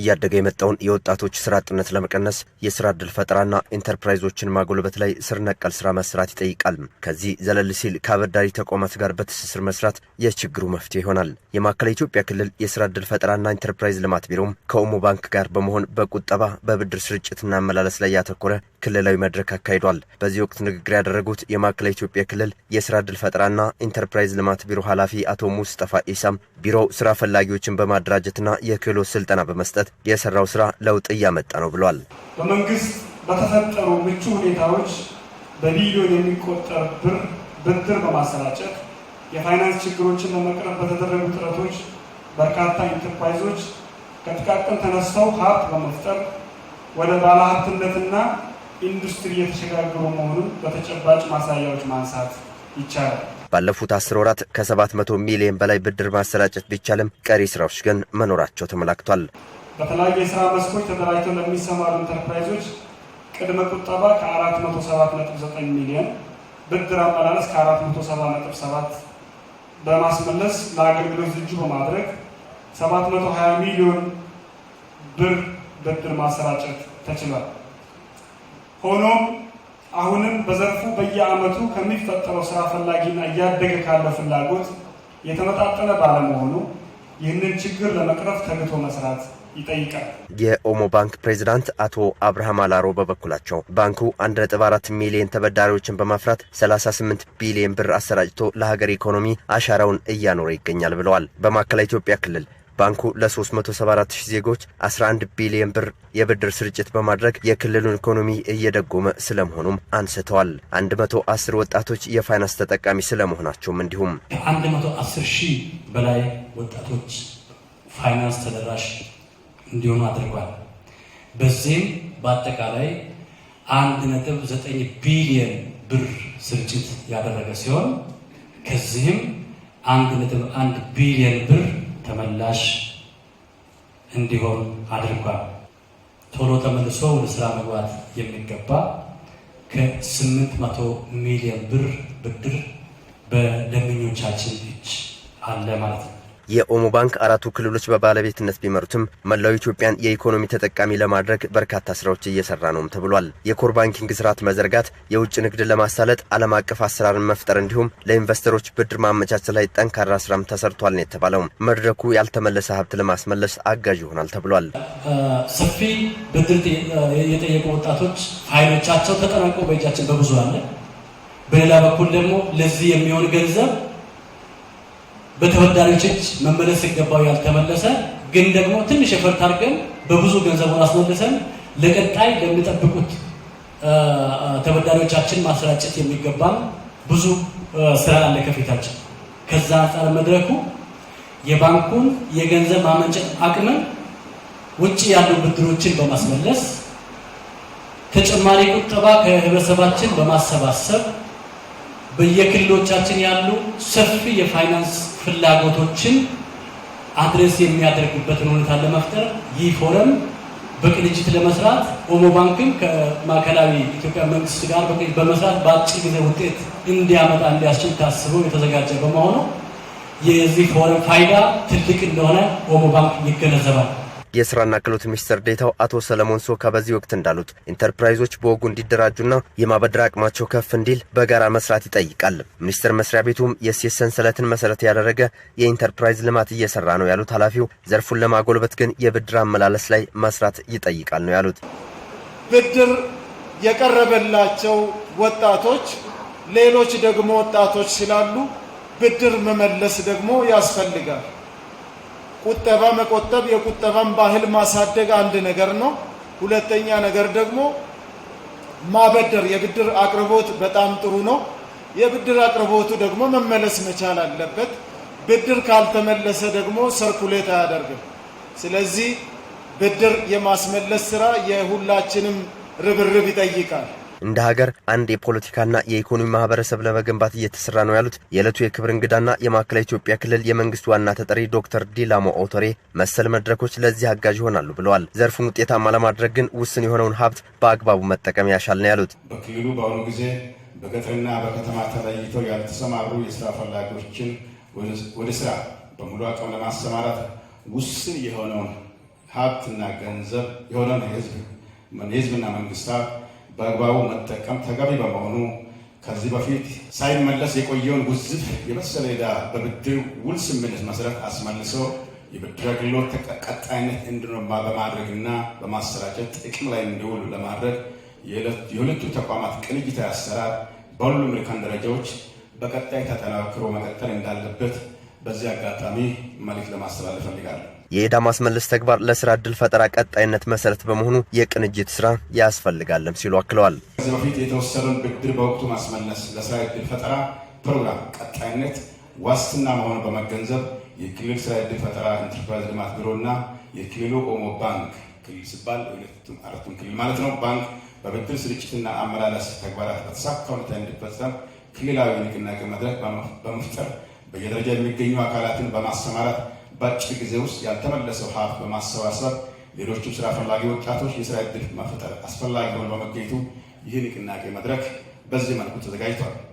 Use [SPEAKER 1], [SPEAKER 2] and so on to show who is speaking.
[SPEAKER 1] እያደገ የመጣውን የወጣቶች ስራ አጥነት ለመቀነስ የስራ እድል ፈጠራና ኢንተርፕራይዞችን ማጎልበት ላይ ስር ነቀል ስራ መስራት ይጠይቃል። ከዚህ ዘለል ሲል ከአበዳሪ ተቋማት ጋር በትስስር መስራት የችግሩ መፍትሄ ይሆናል። የማዕከላዊ ኢትዮጵያ ክልል የስራ እድል ፈጠራና ኢንተርፕራይዝ ልማት ቢሮም ከኦሞ ባንክ ጋር በመሆን በቁጠባ በብድር ስርጭትና አመላለስ ላይ ያተኮረ ክልላዊ መድረክ አካሂዷል። በዚህ ወቅት ንግግር ያደረጉት የማዕከላዊ ኢትዮጵያ ክልል የስራ ዕድል ፈጠራና ኢንተርፕራይዝ ልማት ቢሮ ኃላፊ አቶ ሙስጠፋ ኢሳም ቢሮው ስራ ፈላጊዎችን በማደራጀትና የክህሎት ስልጠና በመስጠት የሰራው ስራ ለውጥ እያመጣ ነው ብሏል።
[SPEAKER 2] በመንግስት በተፈጠሩ ምቹ ሁኔታዎች በቢሊዮን የሚቆጠር ብር ብድር በማሰራጨት የፋይናንስ ችግሮችን ለመቅረብ በተደረጉ ጥረቶች በርካታ ኢንተርፕራይዞች ከጥቃቅን ተነስተው ሀብት በመፍጠር ወደ ባለሀብትነትና ኢንዱስትሪ የተሸጋገሩ መሆኑን በተጨባጭ ማሳያዎች ማንሳት ይቻላል።
[SPEAKER 1] ባለፉት አስር ወራት ከሰባት መቶ ሚሊዮን በላይ ብድር ማሰራጨት ቢቻልም ቀሪ ስራዎች ግን መኖራቸው ተመላክቷል።
[SPEAKER 2] በተለያዩ የስራ መስኮች ተደራጅተው ለሚሰማሩ ኢንተርፕራይዞች ቅድመ ቁጠባ ከ479 ሚሊዮን ብድር አመላለስ ከ477 በማስመለስ ለአገልግሎት ዝግጁ በማድረግ 720 ሚሊዮን ብር ብድር ማሰራጨት ተችሏል። ሆኖም አሁንም በዘርፉ በየዓመቱ ከሚፈጠረው ስራ ፈላጊና እያደገ ካለው ፍላጎት የተመጣጠነ ባለመሆኑ ይህንን ችግር ለመቅረፍ ተግቶ መስራት ይጠይቃል።
[SPEAKER 1] የኦሞ ባንክ ፕሬዚዳንት አቶ አብርሃም አላሮ በበኩላቸው ባንኩ 1.4 ሚሊዮን ተበዳሪዎችን በማፍራት 38 ቢሊዮን ብር አሰራጭቶ ለሀገር ኢኮኖሚ አሻራውን እያኖረ ይገኛል ብለዋል። በማዕከላዊ ኢትዮጵያ ክልል ባንኩ ለ374 ሺህ ዜጎች 11 ቢሊዮን ብር የብድር ስርጭት በማድረግ የክልሉን ኢኮኖሚ እየደጎመ ስለመሆኑም አንስተዋል። 110 ወጣቶች የፋይናንስ ተጠቃሚ ስለመሆናቸውም እንዲሁም
[SPEAKER 3] ከ110 ሺህ በላይ ወጣቶች ፋይናንስ ተደራሽ እንዲሆኑ አድርጓል። በዚህም በአጠቃላይ 1.9 ቢሊዮን ብር ስርጭት ያደረገ ሲሆን ከዚህም 1.1 ቢሊዮን ብር ተመላሽ እንዲሆን አድርጓል። ቶሎ ተመልሶ ወደ ስራ መግባት የሚገባ ከ መቶ ሚሊዮን ብር ብድር በደንበኞቻችን እጅ አለ ማለት ነው።
[SPEAKER 1] የኦሞ ባንክ አራቱ ክልሎች በባለቤትነት ቢመሩትም መላው ኢትዮጵያን የኢኮኖሚ ተጠቃሚ ለማድረግ በርካታ ስራዎች እየሰራ ነውም ተብሏል። የኮር ባንኪንግ ስርዓት መዘርጋት የውጭ ንግድ ለማሳለጥ ዓለም አቀፍ አሰራርን መፍጠር እንዲሁም ለኢንቨስተሮች ብድር ማመቻቸት ላይ ጠንካራ ስራም ተሰርቷል ነው የተባለው። መድረኩ ያልተመለሰ ሀብት ለማስመለስ አጋዥ ይሆናል ተብሏል።
[SPEAKER 4] ሰፊ ብድር የጠየቁ ወጣቶች ኃይሎቻቸው ተጠናቆ በእጃችን በብዙ አለ። በሌላ በኩል ደግሞ ለዚህ የሚሆን ገንዘብ በተበዳሪዎች እጅ መመለስ ሲገባው ያልተመለሰ ግን ደግሞ ትንሽ ኤፈርት አድርገን በብዙ ገንዘቡን አስመልሰን ለቀጣይ ለሚጠብቁት ተበዳሪዎቻችን ማሰራጨት የሚገባን ብዙ ስራ አለ ከፊታችን። ከዛ አንጻር መድረኩ የባንኩን የገንዘብ ማመንጨት አቅምን ውጭ ያሉ ብድሮችን በማስመለስ ተጨማሪ ቁጠባ ከህብረተሰባችን በማሰባሰብ በየክልሎቻችን ያሉ ሰፊ የፋይናንስ ፍላጎቶችን አድሬስ የሚያደርግበትን ሁኔታ ለመፍጠር ይህ ፎረም በቅንጅት ለመስራት ኦሞ ባንክም ከማዕከላዊ ኢትዮጵያ መንግስት ጋር በመስራት በአጭር ጊዜ ውጤት እንዲያመጣ እንዲያስችል ታስቦ የተዘጋጀ በመሆኑ የዚህ ፎረም ፋይዳ ትልቅ እንደሆነ ኦሞ ባንክ ይገነዘባል።
[SPEAKER 1] የስራና ክህሎት ሚኒስትር ዴታው አቶ ሰለሞን ሶካ በዚህ ወቅት እንዳሉት ኢንተርፕራይዞች በወጉ እንዲደራጁና የማበደር አቅማቸው ከፍ እንዲል በጋራ መስራት ይጠይቃል። ሚኒስቴር መስሪያ ቤቱም የእሴት ሰንሰለትን መሰረት ያደረገ የኢንተርፕራይዝ ልማት እየሰራ ነው ያሉት ኃላፊው፣ ዘርፉን ለማጎልበት ግን የብድር አመላለስ ላይ መስራት ይጠይቃል ነው ያሉት።
[SPEAKER 5] ብድር የቀረበላቸው ወጣቶች ሌሎች ደግሞ ወጣቶች ስላሉ ብድር መመለስ ደግሞ ያስፈልጋል። ቁጠባ መቆጠብ የቁጠባን ባህል ማሳደግ አንድ ነገር ነው። ሁለተኛ ነገር ደግሞ ማበደር የብድር አቅርቦት በጣም ጥሩ ነው። የብድር አቅርቦቱ ደግሞ መመለስ መቻል አለበት። ብድር ካልተመለሰ ደግሞ ሰርኩሌት አያደርግም። ስለዚህ ብድር የማስመለስ ስራ የሁላችንም ርብርብ ይጠይቃል።
[SPEAKER 1] እንደ ሀገር አንድ የፖለቲካና የኢኮኖሚ ማህበረሰብ ለመገንባት እየተሰራ ነው ያሉት የዕለቱ የክብር እንግዳና የማዕከላዊ ኢትዮጵያ ክልል የመንግስት ዋና ተጠሪ ዶክተር ዲላሞ ኦቶሬ መሰል መድረኮች ለዚህ አጋዥ ይሆናሉ ብለዋል። ዘርፉን ውጤታማ ለማድረግ ግን ውስን የሆነውን ሀብት በአግባቡ መጠቀም ያሻል ነው ያሉት።
[SPEAKER 6] በክልሉ በአሁኑ ጊዜ በገጠርና በከተማ ተለይተው ያልተሰማሩ የስራ ፈላጊዎችን ወደ ስራ በሙሉ አቅም ለማሰማራት ውስን የሆነውን ሀብትና ገንዘብ የሆነውን የህዝብና መንግስታት በአግባቡ መጠቀም ተገቢ በመሆኑ ከዚህ በፊት ሳይመለስ የቆየውን ውዝፍ የመሰለ ዕዳ በብድር ውል ስምምነት መሰረት አስመልሶ የብድር አገልግሎት ቀጣይነት እንዲኖር በማድረግና በማሰራጨት ጥቅም ላይ እንዲውል ለማድረግ የሁለቱ ተቋማት ቅንጅታዊ አሰራር በሁሉም እርከን ደረጃዎች በቀጣይ ተጠናክሮ መቀጠል እንዳለበት በዚህ አጋጣሚ መልእክት ለማስተላለፍ ፈልጋለሁ።
[SPEAKER 1] የዕዳ ማስመለስ ተግባር ለስራ እድል ፈጠራ ቀጣይነት መሰረት በመሆኑ የቅንጅት ስራ ያስፈልጋለም ሲሉ አክለዋል።
[SPEAKER 7] ከዚህ በፊት የተወሰኑን ብድር በወቅቱ ማስመለስ ለስራ እድል ፈጠራ ፕሮግራም ቀጣይነት ዋስትና መሆኑን በመገንዘብ የክልል ስራ እድል ፈጠራ ኢንተርፕራይዝ ልማት ቢሮና የክልሉ ኦሞ ባንክ ክልል ሲባል አራቱም ክልል ማለት ነው ባንክ በብድር ስርጭትና አመላለስ ተግባራት በተሳካ ሁኔታ እንዲፈጸም ክልላዊ ንቅናቄ መድረክ በመፍጠር በየደረጃ የሚገኙ አካላትን በማሰማራት በአጭር ጊዜ ውስጥ ያልተመለሰው ሀብት በማሰባሰብ ሌሎችም ስራ ፈላጊ ወጣቶች የስራ ዕድል መፍጠር አስፈላጊ ሆኖ በመገኘቱ ይህ ንቅናቄ መድረክ በዚህ መልኩ ተዘጋጅቷል።